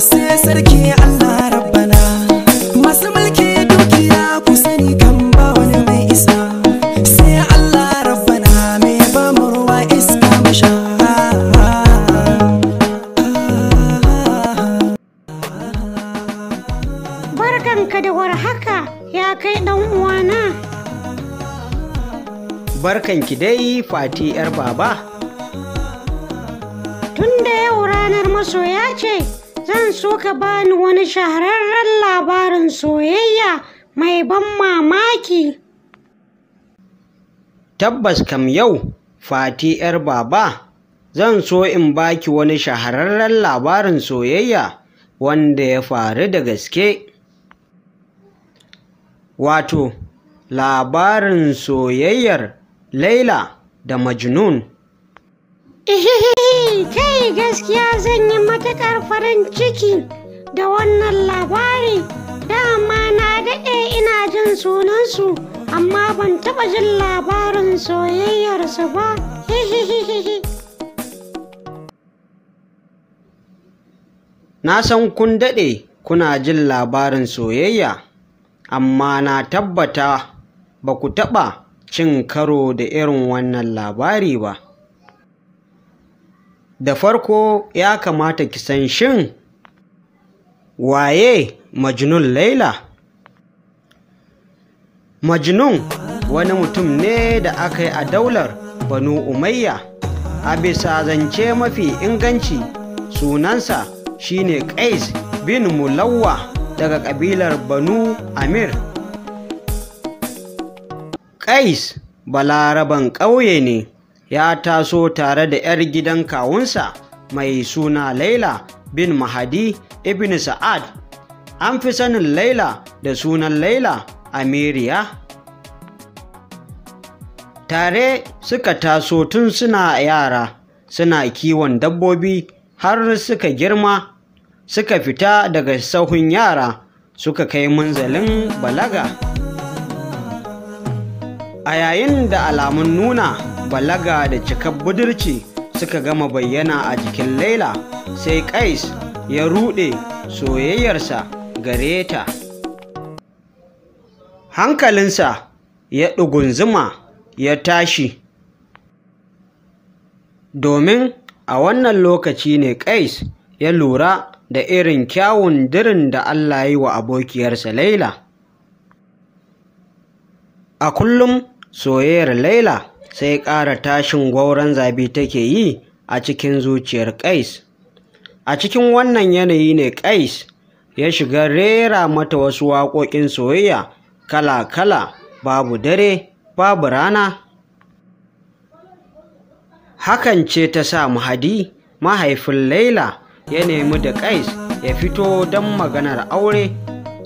sai sarki Allah rabbana masu mulki dukiya ku sani kan ba wani mai isa sai Allah rabbana mai ba mu ruwa iska masha barkanka da warhaka ya kai dan uwana barkanki dai fati yar baba tun da yau ranar masoya ce zan so ka bani wani shahararren labarin soyayya mai ban mamaki. Tabbas kam yau, Fati ‘yar baba, zan so in baki wani shahararren labarin soyayya wanda ya faru da gaske. Wato, labarin soyayyar Laila da Majnun. kai gaskiya zan yi matuƙar farin ciki da wannan labari dama na daɗe ina jin sunansu amma ban taɓa jin labarin soyayyarsu ba na san kun daɗe kuna jin labarin soyayya amma na tabbata ba ku taɓa cin karo da irin wannan labari ba da farko ya kamata ki san shin waye majnun laila majnun wani mutum ne da aka yi a daular banu umayya a bisa zance mafi inganci sunansa shine qais bin mulawwa daga kabilar banu amir qais balaraban ƙauye ne ya taso tare da 'yar gidan kawunsa mai suna Laila bin Mahadi ibn Sa'ad. An fi sanin Laila da sunan Laila Amiriya. Tare suka taso tun suna yara, suna kiwon dabbobi har suka girma, suka fita daga sahun yara, suka kai munzalin balaga. A yayin da alamun nuna balaga da cikar budurci suka gama bayyana a jikin laila sai kais ya ruɗe soyayyarsa gare ta hankalinsa ya ɗugunzuma ya tashi domin a wannan lokaci ne kais ya lura da irin kyawun dirin da Allah ya yi wa abokiyarsa Laila. A kullum soyayyar Laila sai ƙara tashin gwauron zabi take yi a cikin zuciyar ƙais a cikin wannan yanayi ne ƙais ya shiga rera mata wasu waƙoƙin soyayya kala-kala babu dare babu rana hakan ce ta sa mahadi mahaifin laila ya nemi da ƙais ya fito don maganar aure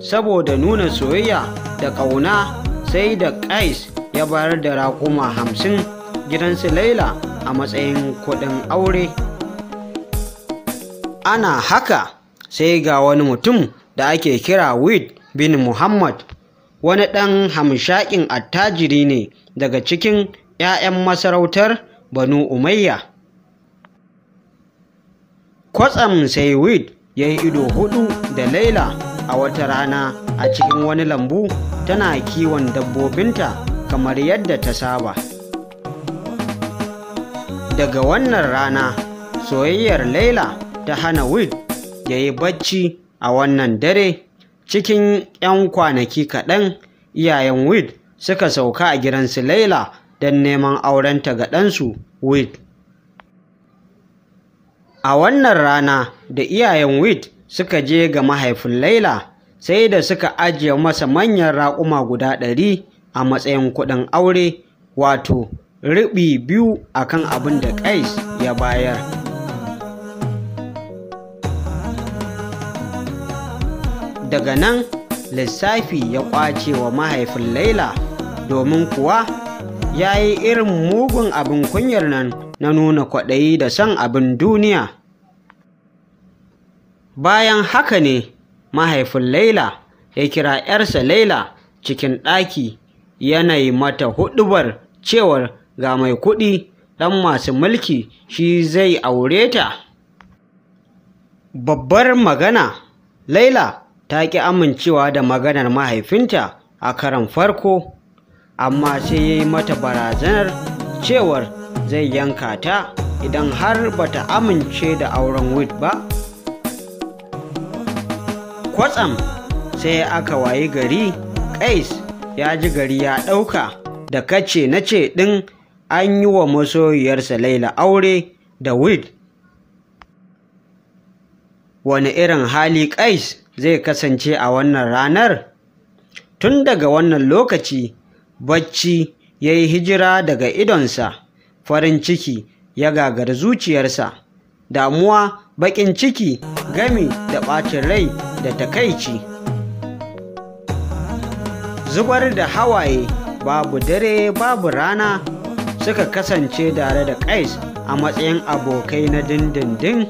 saboda nuna soyayya da ƙauna sai da ƙais ya bayar da raƙuma hamsin gidan su laila a matsayin kuɗin aure ana haka sai ga wani mutum da ake kira wid bin muhammad wani ɗan hamshaƙin attajiri ne daga cikin 'ya'yan masarautar banu umayya kwatsam sai wid ya yi ido hudu da laila a wata rana a cikin wani lambu tana kiwon dabbobinta kamar yadda ta saba daga wannan rana soyayyar laila ta hana wid ya yi bacci a wannan dare cikin 'yan kwanaki kaɗan iyayen wid suka sauka a gidansu laila don neman aurenta ga ɗansu wid a wannan rana da iyayen wid suka je ga mahaifin laila sai da suka ajiye masa manyan raƙuma guda ɗari a matsayin kuɗin aure wato riɓi biyu a kan abin da ƙais ya bayar. Daga nan lissafi ya ƙwace wa mahaifin Laila domin kuwa ya yi irin mugun abin kunyar nan na nuna kwaɗayi da son abin duniya. Bayan haka ne mahaifin Laila ya kira ‘yarsa Laila cikin ɗaki yanayi mata huɗubar cewar ga mai kuɗi ɗan masu mulki shi zai aure ta babbar magana laila ta ƙi amincewa da maganar mahaifinta a karan farko amma sai ya yi mata barazanar cewar zai yanka ta idan har bata amince da auren wit ba kwatsam sai aka wayi gari kais ya ji gari ya ɗauka da kace na ce ɗin an yi wa masoyiyarsa laila aure da wid wani irin hali ƙais zai kasance a wannan ranar tun daga wannan lokaci bacci ya yi hijira daga idonsa farin ciki ya gagar zuciyarsa damuwa baƙin ciki gami da ɓacin rai da takaici zubar da hawaye babu dare babu rana suka kasance tare da kais a matsayin abokai na dindindin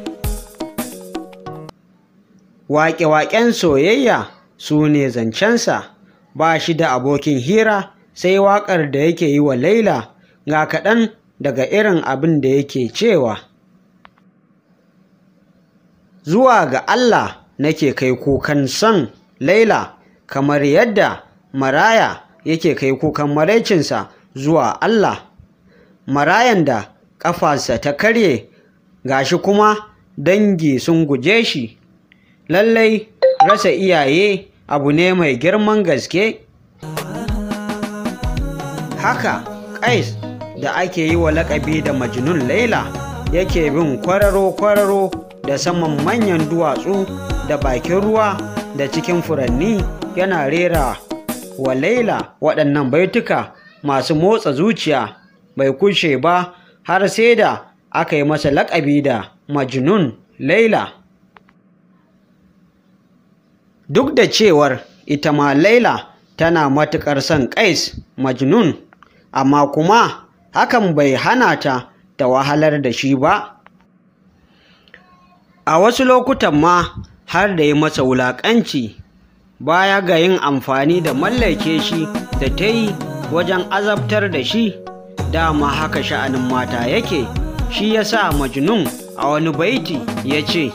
waƙe-waƙen soyayya su ne zancensa ba shi da abokin hira sai waƙar da yake yi wa laila ga kaɗan daga irin abin da yake cewa zuwa ga allah nake kai kukan son laila kamar yadda maraya yake kai kukan maraicinsa zuwa Allah marayan da ƙafarsa ta karye gashi kuma dangi sun guje shi lallai rasa iyaye abu ne mai girman gaske haka ƙais da ake yi wa laƙabi da majnun laila yake bin kwararo-kwararo da saman manyan duwatsu da bakin ruwa da cikin furanni yana rera wa laila waɗannan baituka masu motsa zuciya bai kushe ba har sai da aka yi masa laƙabi da majnun laila duk da cewar ita ma laila tana matuƙar son ƙais majnun amma kuma hakan bai hana ta ta wahalar da shi ba a wasu lokutan ma har da yi masa wulaƙanci baya ga yin amfani da mallake shi da ta yi wajen azabtar da shi dama haka sha'anin mata yake shi ya sa majnun a wani baiti ya ce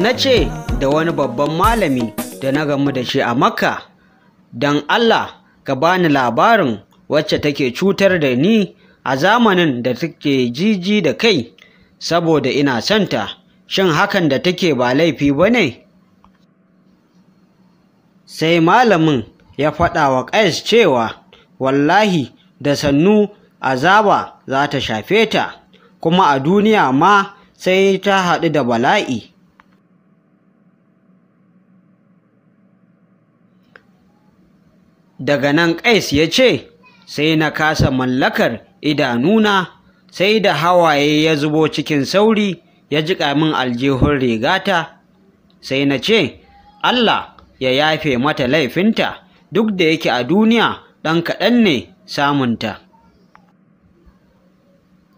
na ce da wani babban malami da na gamu da shi a makka don allah ka bani labarin wacce take cutar da ni a zamanin da take jiji da kai saboda ina santa shin hakan da take ba laifi ba ne sai malamin ya faɗa wa ƙais cewa wallahi da sannu azaba za ta shafe ta kuma a duniya ma sai ta haɗu da bala'i daga nan ƙais ya ce sai na kasa mallakar idanuna sai da hawaye ya zubo cikin sauri ya jiƙa min aljihun rigata sai na ce allah ya yafe mata laifinta duk da yake a duniya ɗan kaɗan ne samunta.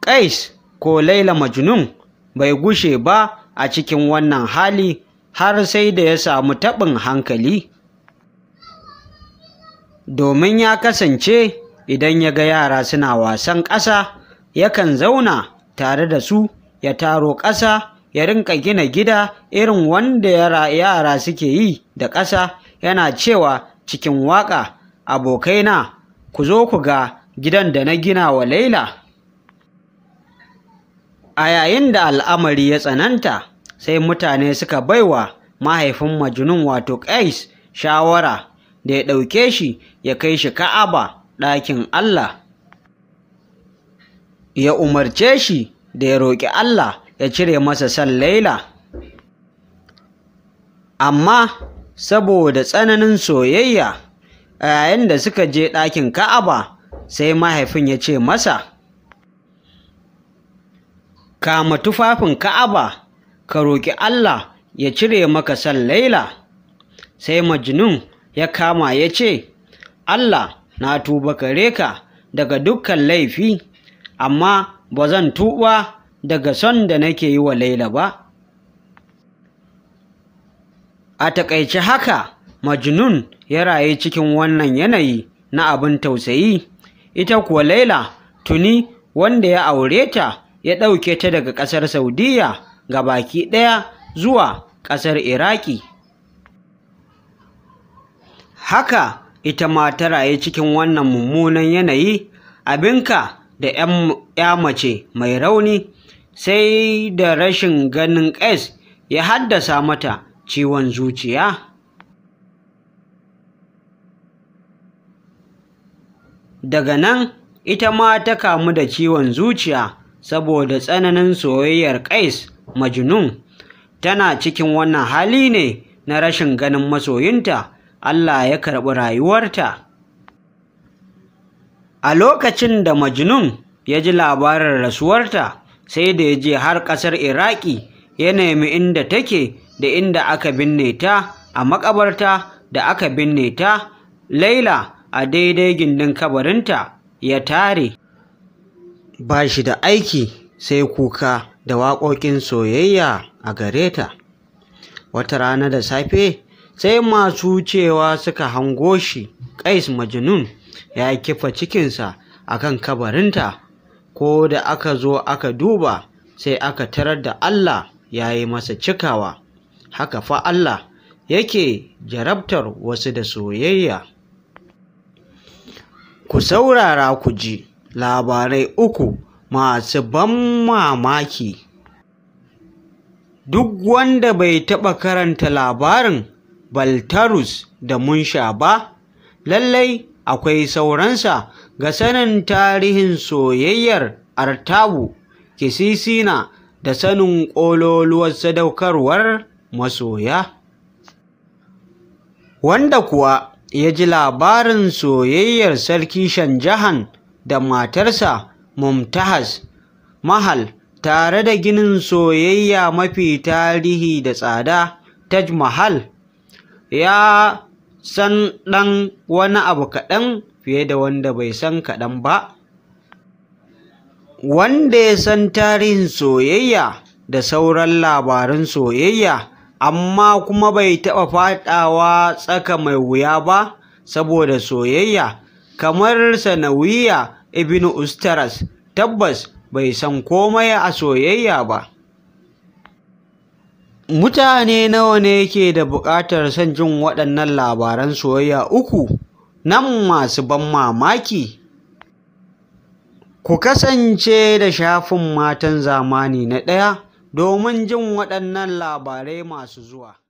Ƙais ko Laila Majnun bai gushe ba a cikin wannan hali har sai da ya samu taɓin hankali. Domin ya kasance idan ya ga yara suna wasan ƙasa, yakan zauna tare da su ya taro ƙasa ya rinka gina gida irin wanda yara suke yi da ƙasa yana cewa cikin waƙa abokaina ku zo ku ga gidan da na gina wa laila a yayin da al'amari ya tsananta sai mutane suka baiwa mahaifin majnun wato ƙais shawara da ya ɗauke shi ya kai shi ka'aba ɗakin allah ya umarce shi da ya roƙi allah ya cire masa san laila amma saboda tsananin soyayya a yayin da suka je ɗakin ka'aba sai mahaifin ya ce masa kama tufafin ka'aba ka roƙi allah ya cire maka san laila sai majnun ya kama ya ce allah na tuba kare ka daga dukkan laifi amma ba zan tuba daga son da nake yi wa Laila ba. A taƙaice haka, Majnun ya raye cikin wannan yanayi na abin tausayi, ita kuwa Laila tuni wanda ya aure ta ya ɗauke ta daga ƙasar Saudiyya ga baki ɗaya zuwa ƙasar Iraki. Haka ita ma ta raye cikin wannan mummunan yanayi abinka da 'ya mace mai rauni sai da rashin ganin S ya haddasa mata ciwon zuciya. Daga nan, ita ma ta kamu da ciwon zuciya saboda tsananin soyayyar ƙais majinun. Tana cikin wannan hali ne na rashin ganin masoyinta, Allah ya karɓi rayuwarta. A lokacin da Majinun ya ji labarin rasuwarta, sai da ya je har ƙasar iraki ya nemi inda take da inda aka binne ta a makabarta da aka binne ta laila a daidai gindin kabarinta ya tare ba shi da aiki sai kuka da waƙoƙin soyayya a gare ta wata rana da safe sai masu cewa suka hango shi ƙais majnun ya kifa cikinsa a kan kabarinta ko da aka zo aka duba sai aka tarar da Allah ya yi masa cikawa haka fa Allah yake jarabtar wasu da soyayya ku saurara ku ji labarai uku masu ban mamaki duk wanda bai taɓa karanta labarin Baltarus da Munsha ba, lallai akwai sauransa ga sanin tarihin soyayyar Artabu Kisisina da sanin ƙololuwar sadaukarwar masoya. Wanda kuwa ya ji labarin soyayyar Sarki Shanjahan da matarsa Mumtahas Mahal tare da ginin soyayya mafi tarihi da tsada Taj Mahal ya san ɗan wani abu kaɗan fiye da wanda bai san kaɗan ba wanda ya san tarihin soyayya da sauran labaran soyayya amma kuma bai taɓa faɗawa tsaka mai wuya ba saboda soyayya kamar sanawiya ibn ustaras tabbas bai san komai a soyayya ba mutane nawa ne ke da buƙatar son jin waɗannan labaran soyayya uku nan masu ban mamaki ku kasance da shafin matan zamani na ɗaya domin jin waɗannan labarai masu zuwa